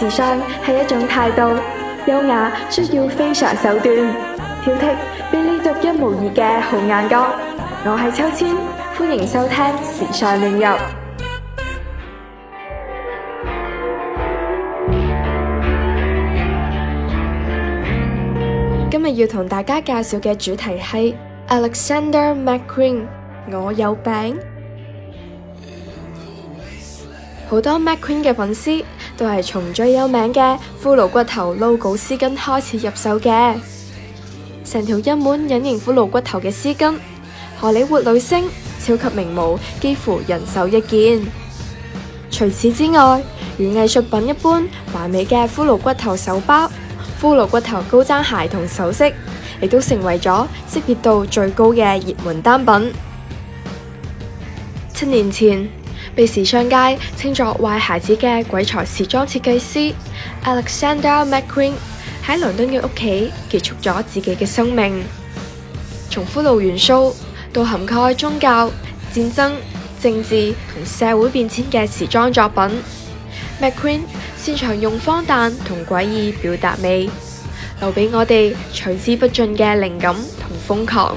時尚係一種態度，優雅需要非常手段，挑剔，畀你獨一無二嘅好眼光。我係秋千，歡迎收聽時尚亂入。今日要同大家介紹嘅主題係 Alexander McQueen，我有餅，好多 McQueen 嘅粉絲。都係從最有名嘅骷髏骨頭 logo 絲巾開始入手嘅，成條印滿隱形骷髏骨頭嘅絲巾，荷里活女星、超級名模幾乎人手一件。除此之外，如藝術品一般華美嘅骷髏骨頭手包、骷髏骨頭高踭鞋同首飾，亦都成為咗識別度最高嘅熱門單品。七年前。被時尚界稱作壞孩子嘅鬼才時裝設計師 Alexander McQueen 喺倫敦嘅屋企結束咗自己嘅生命。從骷髏元素，到涵蓋宗教、戰爭、政治同社會變遷嘅時裝作品，McQueen 擅長用荒誕同詭異表達美，留畀我哋取之不盡嘅靈感同瘋狂。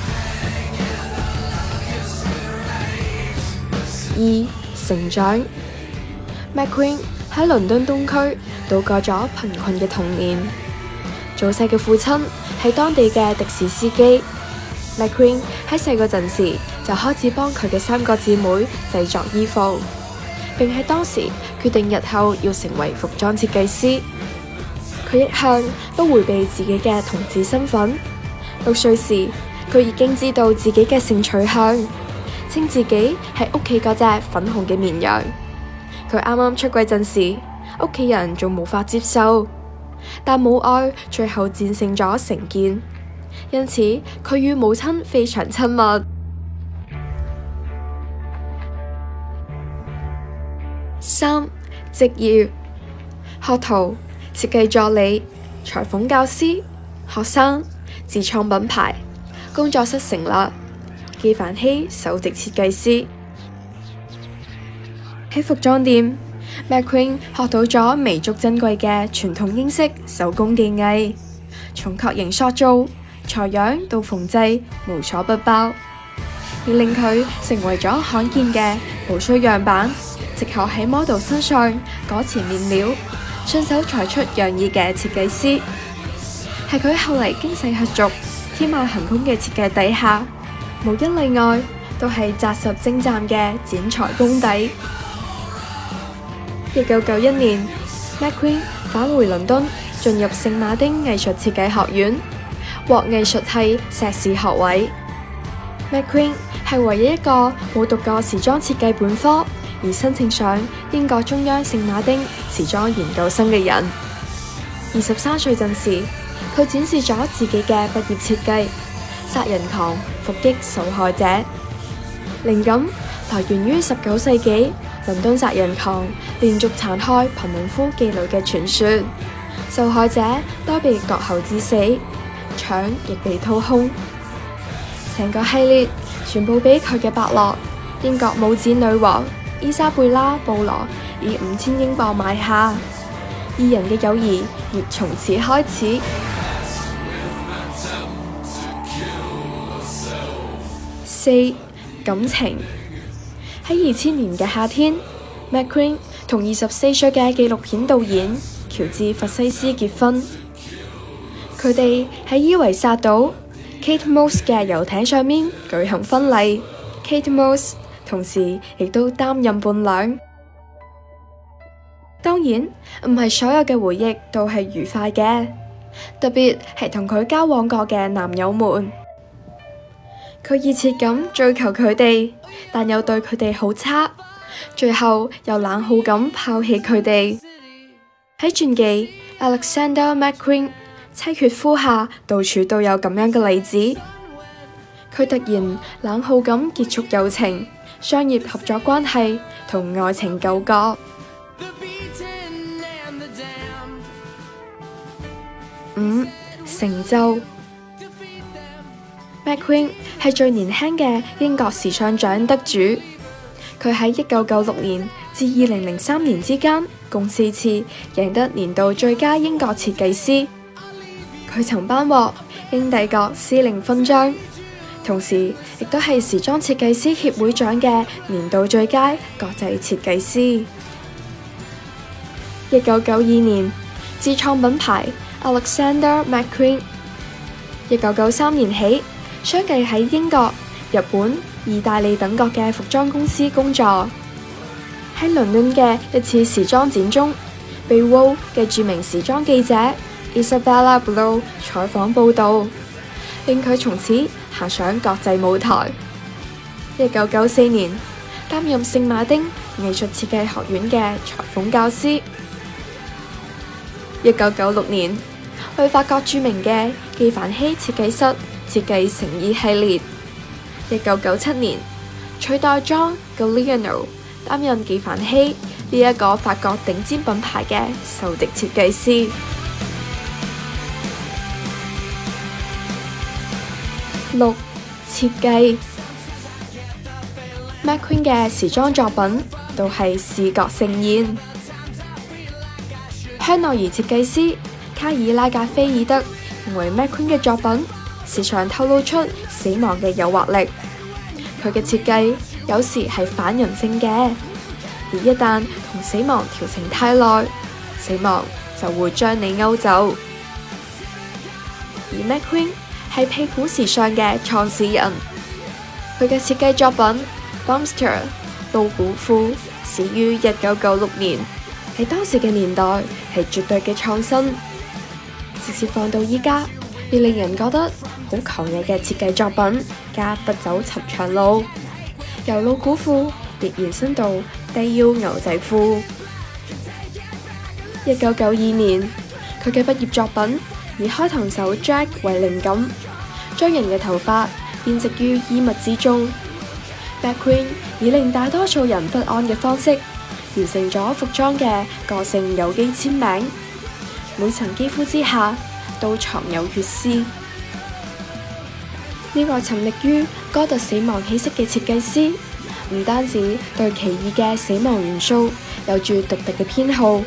二成長，McQueen 喺倫敦東區度過咗貧困嘅童年。早逝嘅父親係當地嘅的士司機。McQueen 喺細個陣時候就開始幫佢嘅三個姊妹製作衣服，並喺當時決定日後要成為服裝設計師。佢一向都回避自己嘅同志身份。六歲時，佢已經知道自己嘅性取向。稱自己係屋企嗰隻粉紅嘅綿羊，佢啱啱出櫃陣時，屋企人仲無法接受，但母愛最後戰勝咗成見，因此佢與母親非常親密。三、職業：學徒、設計助理、裁縫、教師、學生、自創品牌、工作室成立。紀梵希首席設計師喺服裝店，McQueen 學到咗彌足珍貴嘅傳統英式手工技藝，從確認塑造、裁樣到縫製，無所不包，而令佢成為咗罕見嘅無需樣板。直學喺 model 身上改前面料，順手裁出樣衣嘅設計師，係佢後嚟經世合作、天馬行空嘅設計底下。無一例外，都係紮實精湛嘅剪裁功底。一九九一年，McQueen 返回倫敦，進入聖馬丁藝術設計學院，獲藝術系碩士學位。McQueen 係唯一一個冇讀過時裝設計本科而申請上英國中央聖馬丁時裝研究生嘅人。二十三歲陣時，佢展示咗自己嘅畢業設計。殺人狂伏擊受害者，靈感來源於十九世紀倫敦殺人狂連續殘害貧民窟妓女嘅傳說，受害者多被割喉致死，腸亦被掏空。成個系列全部俾佢嘅伯樂英國帽子女王伊莎貝拉·布羅以五千英鎊買下，二人嘅友誼亦從此開始。四、感情。喺二千年嘅夏天，McQueen 同二十四歲嘅紀錄片導演喬治弗西斯結婚。佢哋喺伊維薩島 Kate Moss 嘅遊艇上面舉行婚禮，Kate Moss 同時亦都擔任伴娘。當然，唔係所有嘅回憶都係愉快嘅，特別係同佢交往過嘅男友們。佢熱切咁追求佢哋，但又對佢哋好差，最後又冷酷咁拋棄佢哋。喺傳記 Alexander McQueen 妻血夫下，到處都有咁樣嘅例子。佢突然冷酷咁結束友情、商業合作關係同愛情糾葛。五成就。McQueen 係最年輕嘅英國時尚獎得主，佢喺一九九六年至二零零三年之間，共四次贏得年度最佳英國設計師。佢曾頒獲英帝國司令勳章，同時亦都係時裝設計師協會獎嘅年度最佳國際設計師。一九九二年自創品牌 Alexander McQueen，一九九三年起，相繼喺英國、日本、意大利等國嘅服裝公司工作。喺倫敦嘅一次時裝展中，被《VOGUE》嘅著名時裝記者 Isabella Blow 採訪報道，令佢從此行上國際舞台。一九九四年，擔任聖馬丁藝術設計學院嘅裁縫教師。一九九六年，去法國著名嘅紀梵希設計室。設計成衣系列，一九九七年，取代 John Galliano 擔任紀梵希呢一個法國頂尖品牌嘅首席設計師。六設計 McQueen 嘅時裝作品都係視覺盛宴。香奈兒設計師卡爾拉格菲爾德認為 McQueen 嘅作品。時常透露出死亡嘅誘惑力，佢嘅設計有時係反人性嘅，而一旦同死亡調情太耐，死亡就會將你勾走。而 McQueen 係屁股時尚嘅創始人，佢嘅設計作品 Bumster 杜古夫，始於一九九六年，喺當時嘅年代係絕對嘅創新，直至放到依家，亦令人覺得。好狂野嘅設計作品，加不走尋常路。由老古褲變延伸到低腰牛仔褲。一九九二年，佢嘅畢業作品以開膛手 Jack 為靈感，將人嘅頭髮編織於衣物之中。McQueen 以令大多數人不安嘅方式，完成咗服裝嘅個性有機簽名。每層肌膚之下，都藏有血絲。呢個沉溺於哥特死亡氣息嘅設計師，唔單止對奇異嘅死亡元素有住獨特嘅偏好，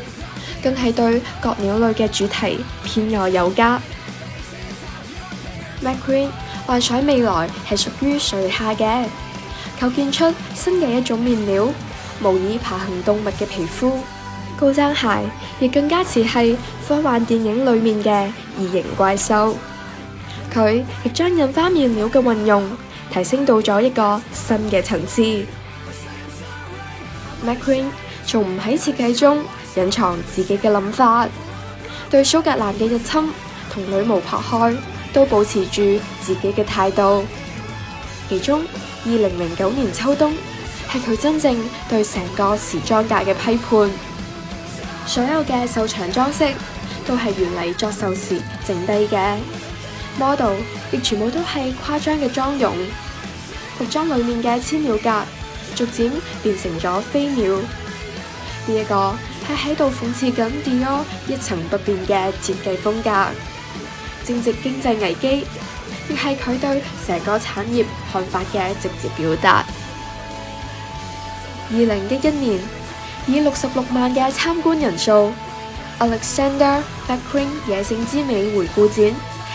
更係對各鳥類嘅主題偏愛有加。McQueen 幻想未來係屬於水下嘅，構建出新嘅一種面料，模擬爬行動物嘅皮膚。高踭鞋亦更加似係科幻電影裏面嘅異形怪獸。佢亦將印花面料嘅運用提升到咗一個新嘅層次。McQueen 從唔喺設計中隱藏自己嘅諗法，對蘇格蘭嘅入侵同女巫迫害都保持住自己嘅態度。其中，二零零九年秋冬係佢真正對成個時裝界嘅批判。所有嘅秀場裝飾都係原嚟作秀時剩低嘅。model 亦全部都係誇張嘅妝容，服裝裏面嘅千鳥格逐漸變成咗飛鳥，呢一個係喺度諷刺緊 Dior 一成不變嘅設計風格，正值經濟危機，亦係佢對成個產業看法嘅直接表達。二零一一年以六十六萬嘅參觀人數，Alexander McQueen 野性之美回顧展，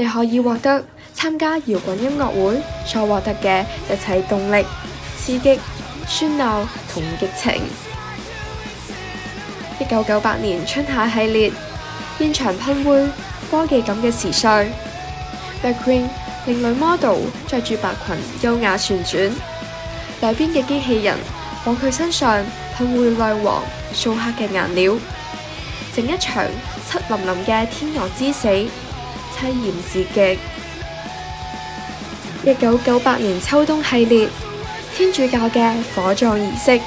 你可以獲得參加搖滾音樂會所獲得嘅一切動力、刺激、喧鬧同激情。一九九八年春夏系列現場噴繪科技感嘅時裝，McQueen 令女 model 着住白裙優雅旋轉，裏邊嘅機器人往佢身上噴繪亮黃、素黑嘅顏料，整一場漆淋淋嘅天鵝之死。一九九八年秋冬系列》，天主教嘅火葬儀式，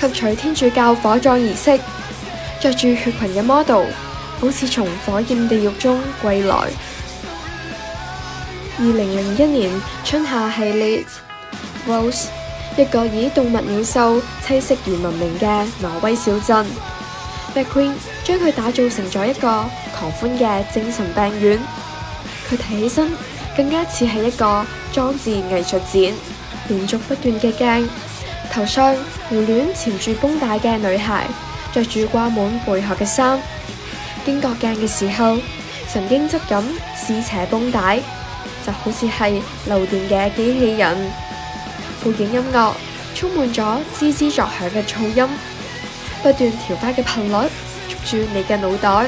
吸取天主教火葬儀式着住血裙嘅 model，好似從火焰地獄中歸來。二零零一年春夏系列 Voss 一個以動物鳥獸棲息而聞名嘅挪威小鎮 McQueen 將佢打造成咗一個。狂歡嘅精神病院，佢睇起身更加似係一個裝置藝術展，連續不斷嘅鏡頭上胡亂纏住繃帶嘅女孩，着住掛滿貝殼嘅衫，經過鏡嘅時候神經質噉撕扯繃帶，就好似係漏電嘅機器人。背景音樂充滿咗吱吱作響嘅噪音，不斷調節嘅頻率捉住你嘅腦袋。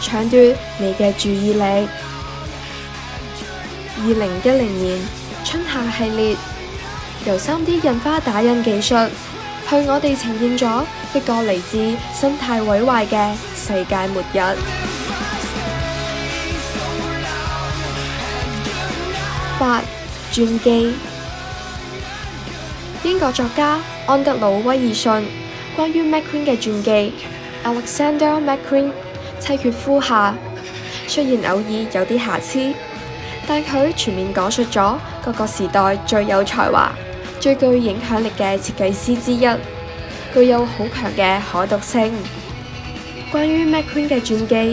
搶奪你嘅注意力。二零一零年春夏系列，由三 D 印花打印技術，向我哋呈現咗一個嚟自生態毀壞嘅世界末日。八傳記，英國作家安德魯威爾遜關於 McQueen 嘅傳記，Alexander McQueen。妻克夫下，雖然偶爾有啲瑕疵，但佢全面講述咗各個時代最有才華、最具影響力嘅設計師之一，具有好強嘅可讀性。關於 McQueen 嘅傳記，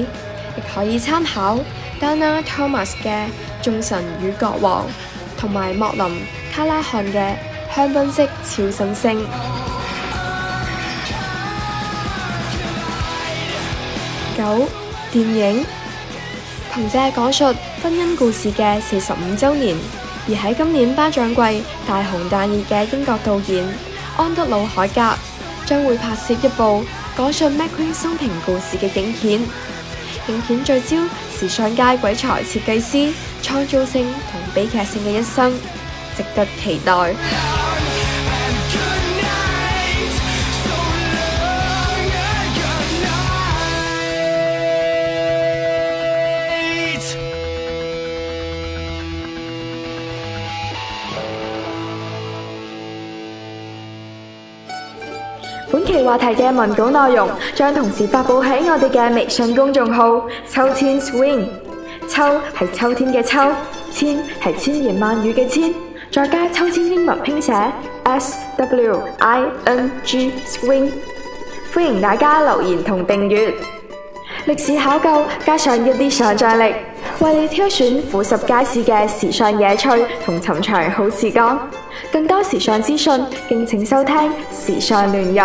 亦可以參考 Dana Thomas 嘅《眾神與國王》同埋莫林·卡拉漢嘅《香檳色超新星》。九、電影，憑借講述婚姻故事嘅四十五週年，而喺今年頒獎季大紅大熱嘅英國導演安德魯海格將會拍攝一部講述 McQueen 生平故事嘅影片。影片聚焦時尚界鬼才設計師創造性同悲劇性嘅一生，值得期待。話題嘅文稿內容將同時發佈喺我哋嘅微信公眾號“秋千 swing”，秋係秋，秋天嘅秋，千係千言萬語嘅千，再加秋千英文拼寫 s w i n g swing。歡迎大家留言同訂閱。歷史考究加上一啲想象力，為你挑選富十街市嘅時尚野趣同尋常好時光。更多時尚資訊，敬請收聽《時尚亂入》。